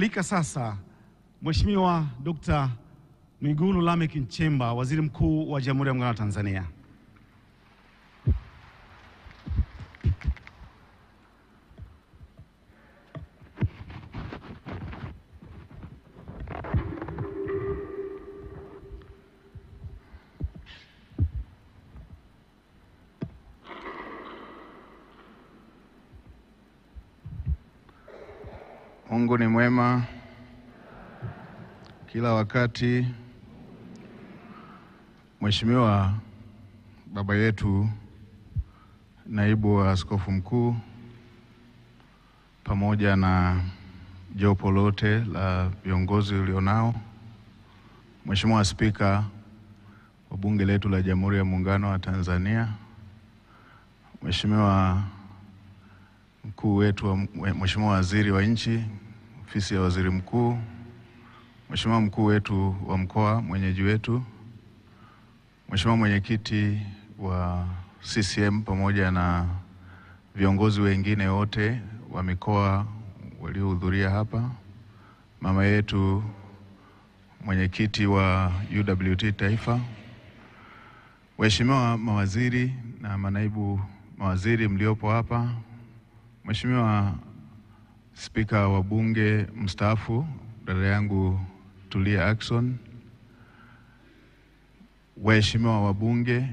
Namwalika sasa Mheshimiwa Dr. Mwigulu Lameck Nchemba, Waziri Mkuu wa Jamhuri ya Muungano wa Tanzania. Mungu ni mwema kila wakati. Mheshimiwa baba yetu naibu wa askofu mkuu pamoja na jopo lote la viongozi ulionao, Mheshimiwa Spika wa Bunge letu la Jamhuri ya Muungano wa Tanzania, Mheshimiwa mkuu wetu, Mheshimiwa Waziri wa nchi ofisi ya waziri mkuu, mheshimiwa mkuu wetu wa mkoa, mwenyeji wetu, mheshimiwa mwenyekiti wa CCM pamoja na viongozi wengine wote wa mikoa waliohudhuria hapa, mama yetu mwenyekiti wa UWT Taifa, waheshimiwa mawaziri na manaibu mawaziri mliopo hapa, mheshimiwa Spika wa Bunge mstaafu dada yangu Tulia Ackson, waheshimiwa wabunge,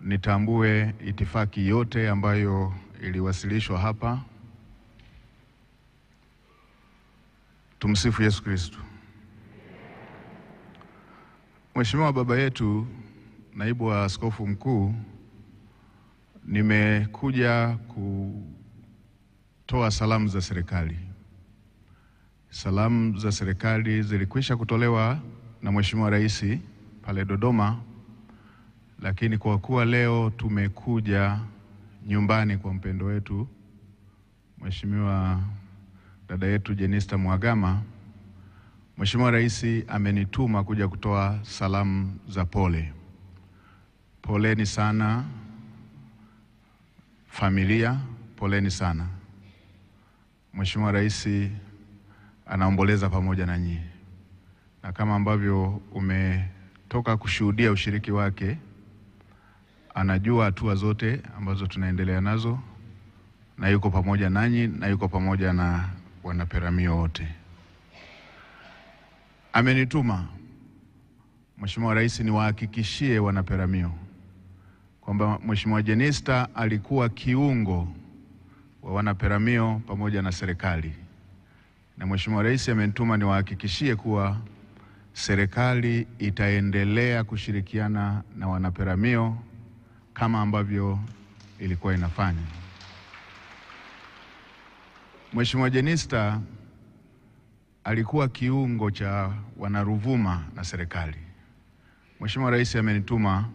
nitambue itifaki yote ambayo iliwasilishwa hapa. Tumsifu Yesu Kristo. Mheshimiwa baba yetu naibu wa askofu mkuu, nimekuja ku toa salamu za serikali. Salamu za serikali zilikwisha kutolewa na Mheshimiwa Rais pale Dodoma, lakini kwa kuwa leo tumekuja nyumbani kwa mpendo wetu Mheshimiwa dada yetu Jenista Mhagama, Mheshimiwa Rais amenituma kuja kutoa salamu za pole. Poleni sana familia, poleni sana. Mheshimiwa Rais anaomboleza pamoja na nyinyi, na kama ambavyo umetoka kushuhudia ushiriki wake, anajua hatua zote ambazo tunaendelea nazo na yuko pamoja nanyi na yuko pamoja na wanaperamio wote. Amenituma Mheshimiwa Rais niwahakikishie wanaperamio kwamba Mheshimiwa Jenista alikuwa kiungo wa wanaperamio pamoja na serikali, na Mheshimiwa Rais amenituma niwahakikishie kuwa serikali itaendelea kushirikiana na wanaperamio kama ambavyo ilikuwa inafanya. Mheshimiwa Jenista alikuwa kiungo cha wanaruvuma na serikali. Mheshimiwa Rais amenituma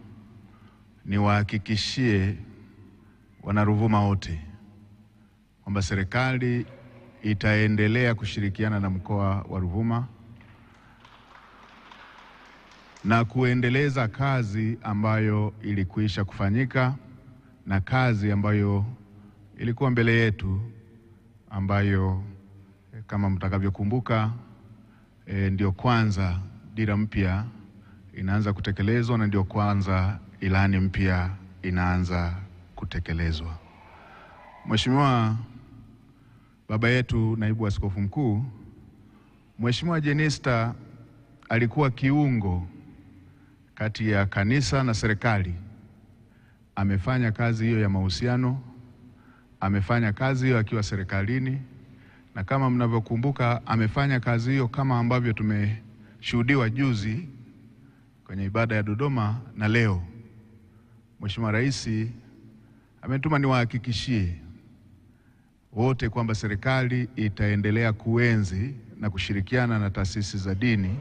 niwahakikishie wanaruvuma wote kwamba serikali itaendelea kushirikiana na mkoa wa Ruvuma na kuendeleza kazi ambayo ilikwisha kufanyika na kazi ambayo ilikuwa mbele yetu ambayo eh, kama mtakavyokumbuka e, ndio kwanza dira mpya inaanza kutekelezwa na ndio kwanza ilani mpya inaanza kutekelezwa. Mheshimiwa baba yetu naibu askofu mkuu Mheshimiwa Jenista alikuwa kiungo kati ya kanisa na serikali. Amefanya kazi hiyo ya mahusiano, amefanya kazi hiyo akiwa serikalini, na kama mnavyokumbuka, amefanya kazi hiyo kama ambavyo tumeshuhudiwa juzi kwenye ibada ya Dodoma, na leo Mheshimiwa Rais ametuma niwahakikishie wote kwamba serikali itaendelea kuenzi na kushirikiana na taasisi za dini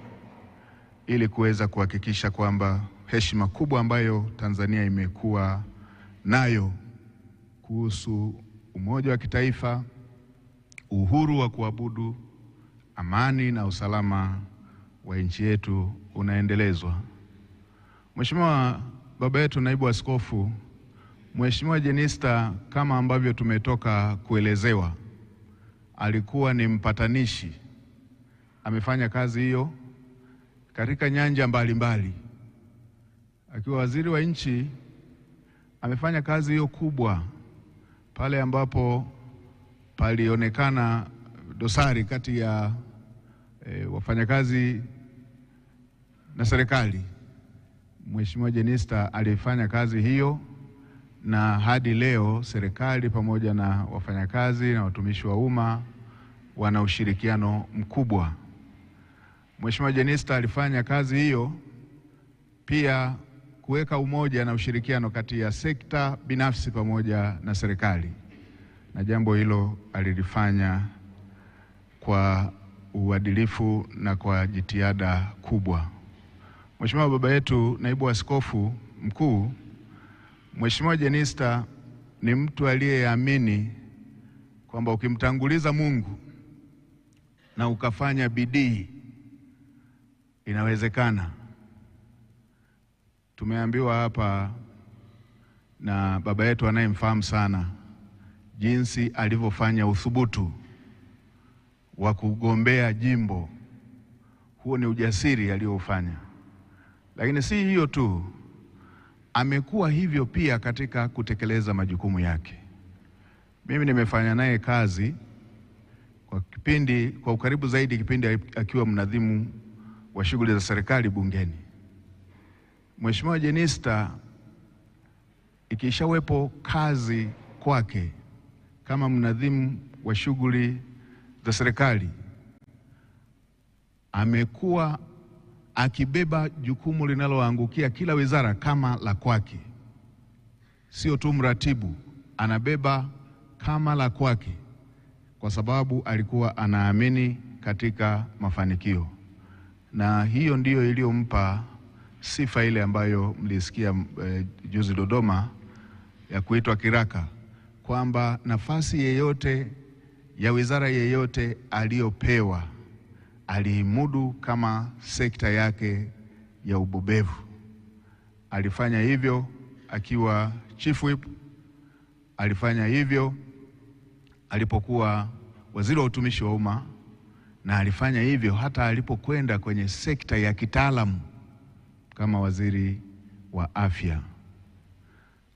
ili kuweza kuhakikisha kwamba heshima kubwa ambayo Tanzania imekuwa nayo kuhusu umoja wa kitaifa, uhuru wa kuabudu, amani na usalama wa nchi yetu unaendelezwa. Mheshimiwa baba yetu naibu askofu Mheshimiwa Jenista kama ambavyo tumetoka kuelezewa, alikuwa ni mpatanishi, amefanya kazi hiyo katika nyanja mbalimbali mbali. Akiwa waziri wa nchi amefanya kazi hiyo kubwa pale ambapo palionekana dosari kati ya e, wafanyakazi na serikali. Mheshimiwa Jenista alifanya kazi hiyo na hadi leo serikali pamoja na wafanyakazi na watumishi wa umma wana ushirikiano mkubwa. Mheshimiwa Jenista alifanya kazi hiyo pia kuweka umoja na ushirikiano kati ya sekta binafsi pamoja na serikali, na jambo hilo alilifanya kwa uadilifu na kwa jitihada kubwa. Mheshimiwa baba yetu naibu askofu mkuu Mheshimiwa Jenista ni mtu aliyeamini kwamba ukimtanguliza Mungu na ukafanya bidii inawezekana. Tumeambiwa hapa na baba yetu anayemfahamu sana jinsi alivyofanya uthubutu wa kugombea jimbo. Huo ni ujasiri aliyoufanya, lakini si hiyo tu amekuwa hivyo pia katika kutekeleza majukumu yake. Mimi nimefanya naye kazi kwa kipindi kwa ukaribu zaidi kipindi akiwa mnadhimu wa shughuli za serikali bungeni. Mheshimiwa Jenista, ikishawepo kazi kwake kama mnadhimu wa shughuli za serikali amekuwa akibeba jukumu linaloangukia kila wizara kama la kwake. Sio tu mratibu, anabeba kama la kwake, kwa sababu alikuwa anaamini katika mafanikio, na hiyo ndiyo iliyompa sifa ile ambayo mlisikia e, juzi Dodoma ya kuitwa kiraka, kwamba nafasi yeyote ya wizara yeyote aliyopewa aliimudu kama sekta yake ya ubobevu. Alifanya hivyo akiwa chief whip, alifanya hivyo alipokuwa waziri wa utumishi wa umma, na alifanya hivyo hata alipokwenda kwenye sekta ya kitaalamu kama waziri wa afya.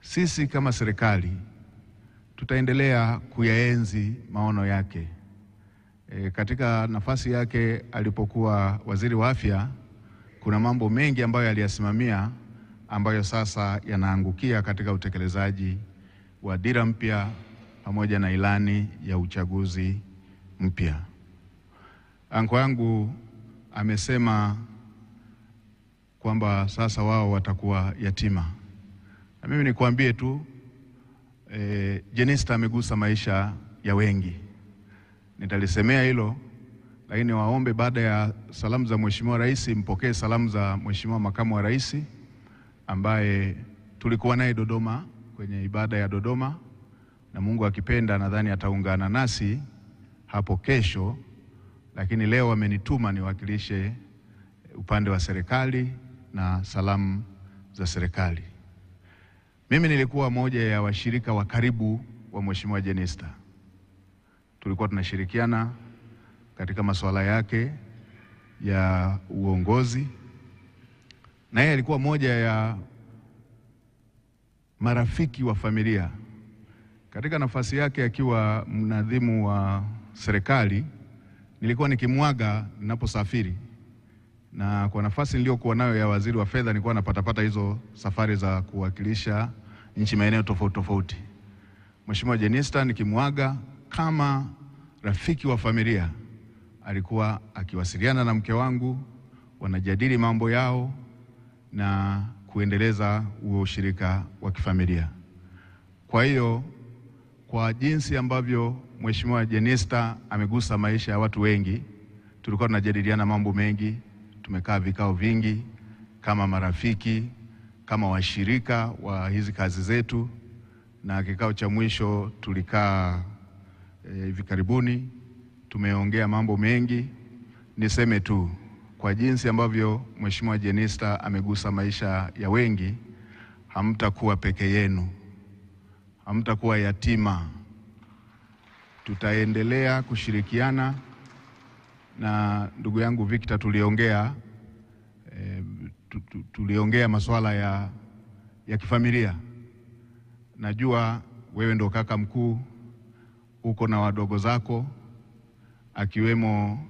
Sisi kama serikali tutaendelea kuyaenzi maono yake. E, katika nafasi yake alipokuwa waziri wa afya kuna mambo mengi ambayo aliyasimamia ambayo sasa yanaangukia katika utekelezaji wa dira mpya pamoja na ilani ya uchaguzi mpya. Anko yangu amesema kwamba sasa wao watakuwa yatima, na mimi nikwambie tu e, Jenista amegusa maisha ya wengi. Nitalisemea hilo lakini waombe baada ya salamu za Mheshimiwa Rais mpokee salamu za Mheshimiwa Makamu wa Rais ambaye tulikuwa naye Dodoma kwenye ibada ya Dodoma, na Mungu akipenda nadhani ataungana nasi hapo kesho, lakini leo wamenituma niwakilishe upande wa serikali na salamu za serikali. Mimi nilikuwa moja ya washirika wa karibu wa Mheshimiwa Jenista tulikuwa tunashirikiana katika masuala yake ya uongozi, na yeye alikuwa moja ya marafiki wa familia. Katika nafasi yake akiwa mnadhimu wa serikali, nilikuwa nikimwaga ninaposafiri, na kwa nafasi niliyokuwa nayo ya waziri wa fedha, nilikuwa napatapata hizo safari za kuwakilisha nchi maeneo tofauti tofauti. Mheshimiwa Jenista nikimwaga kama rafiki wa familia alikuwa akiwasiliana na mke wangu, wanajadili mambo yao na kuendeleza huo ushirika wa kifamilia. Kwa hiyo kwa jinsi ambavyo Mheshimiwa Jenista amegusa maisha ya watu wengi, tulikuwa tunajadiliana mambo mengi, tumekaa vikao vingi kama marafiki, kama washirika wa hizi kazi zetu, na kikao cha mwisho tulikaa Eh, hivi e, karibuni tumeongea mambo mengi. Niseme tu kwa jinsi ambavyo Mheshimiwa Jenista amegusa maisha ya wengi, hamtakuwa peke yenu, hamtakuwa yatima. Tutaendelea kushirikiana na ndugu yangu Victor, tuliongea e, tuliongea masuala ya, ya kifamilia. Najua wewe ndo kaka mkuu uko na wadogo zako akiwemo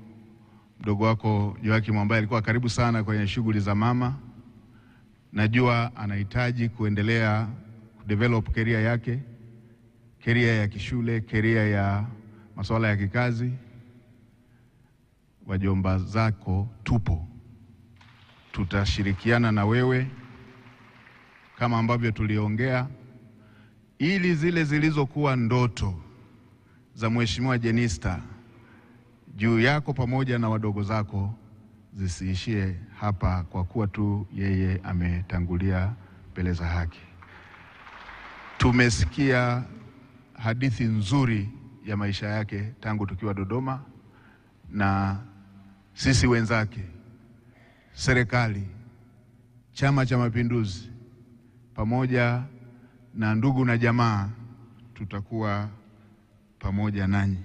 mdogo wako Joakim ambaye alikuwa karibu sana kwenye shughuli za mama. Najua anahitaji kuendelea kudevelop career yake, career ya kishule, career ya masuala ya kikazi. Wajomba zako tupo, tutashirikiana na wewe kama ambavyo tuliongea, ili zile zilizokuwa ndoto za Mheshimiwa Jenista juu yako pamoja na wadogo zako zisiishie hapa, kwa kuwa tu yeye ametangulia mbele za haki. Tumesikia hadithi nzuri ya maisha yake tangu tukiwa Dodoma, na sisi wenzake, serikali, Chama cha Mapinduzi pamoja na ndugu na jamaa tutakuwa pamoja nanyi.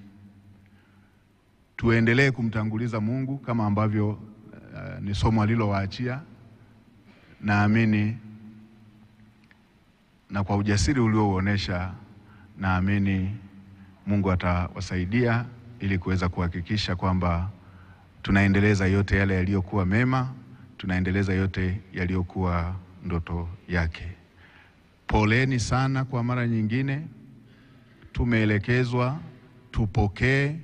Tuendelee kumtanguliza Mungu kama ambavyo uh, ni somo alilowaachia, naamini na kwa ujasiri uliouonesha, naamini Mungu atawasaidia ili kuweza kuhakikisha kwamba tunaendeleza yote yale yaliyokuwa mema, tunaendeleza yote yaliyokuwa ndoto yake. Poleni sana kwa mara nyingine tumeelekezwa tupokee.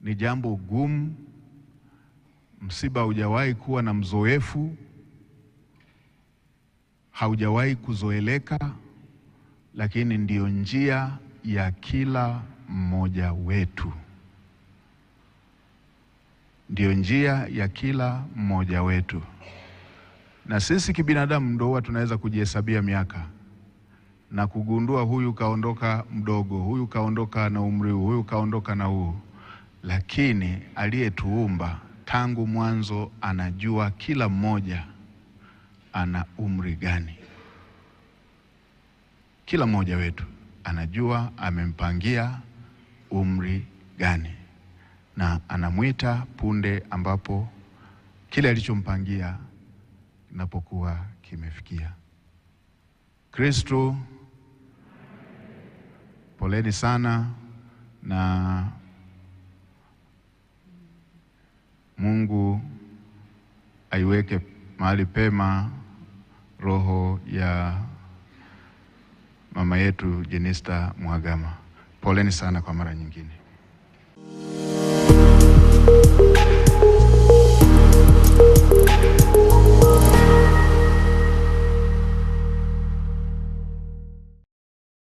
Ni jambo gumu, msiba haujawahi kuwa na mzoefu, haujawahi kuzoeleka, lakini ndiyo njia ya kila mmoja wetu, ndiyo njia ya kila mmoja wetu. Na sisi kibinadamu ndo huwa tunaweza kujihesabia miaka na kugundua huyu kaondoka mdogo, huyu kaondoka na umri huu, huyu kaondoka na huu, lakini aliyetuumba tangu mwanzo anajua kila mmoja ana umri gani. Kila mmoja wetu anajua amempangia umri gani, na anamwita punde ambapo kile alichompangia kinapokuwa kimefikia. Kristo poleni sana na Mungu aiweke mahali pema roho ya mama yetu Jenista Mhagama. Poleni sana kwa mara nyingine.